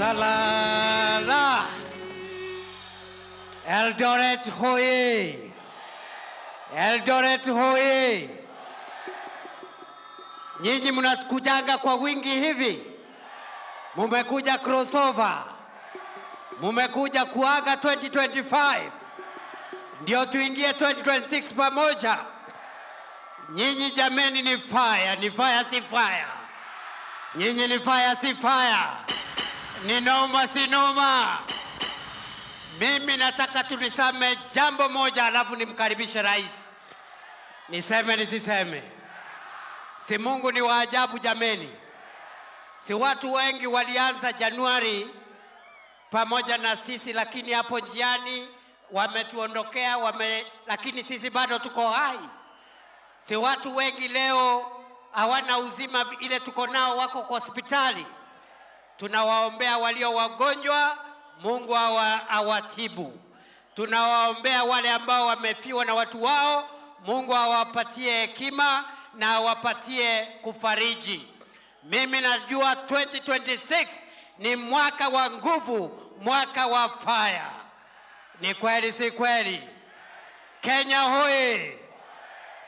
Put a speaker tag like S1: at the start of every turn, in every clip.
S1: সালারা এলডোরেট হয়ে এলডোরেট হয়ে nyinyi mnakujanga kwa wingi hivi, mumekuja crossover, mumekuja kuaga 2025 ndio tuingie 2026 pamoja. Nyinyi jameni, ni fire, ni fire, si fire? Nyinyi ni fire, si fire? Ni noma si noma. Mimi nataka tuniseme jambo moja, alafu nimkaribishe rais. Niseme nisiseme? Si Mungu ni wa ajabu jameni. Si watu wengi walianza Januari pamoja na sisi, lakini hapo njiani wametuondokea wame, lakini sisi bado tuko hai. Si watu wengi leo hawana uzima ile tuko nao, wako kwa hospitali Tunawaombea walio wagonjwa, Mungu awatibu Tunawaombea wale ambao wamefiwa na watu wao, Mungu awapatie hekima na awapatie kufariji. Mimi najua 2026 ni mwaka wa nguvu, mwaka wa fire. Ni kweli, si kweli? Kenya hoye!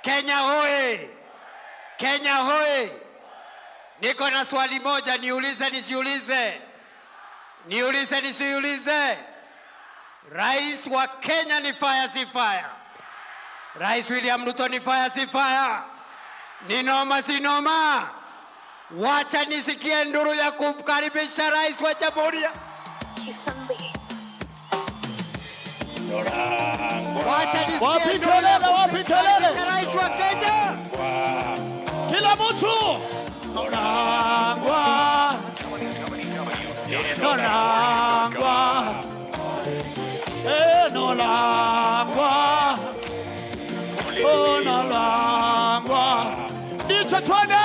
S1: Kenya hoye! Kenya hoye! Niko na swali moja, niulize nisiulize? Niulize nisiulize? Rais wa Kenya ni faya si fire? Rais William Ruto ni faya si fire? Ni noma si noma? Wacha nisikie nduru ya kumkaribisha rais wa jamhuri.
S2: Neno lako, neno lako, neno lako, ndicho twende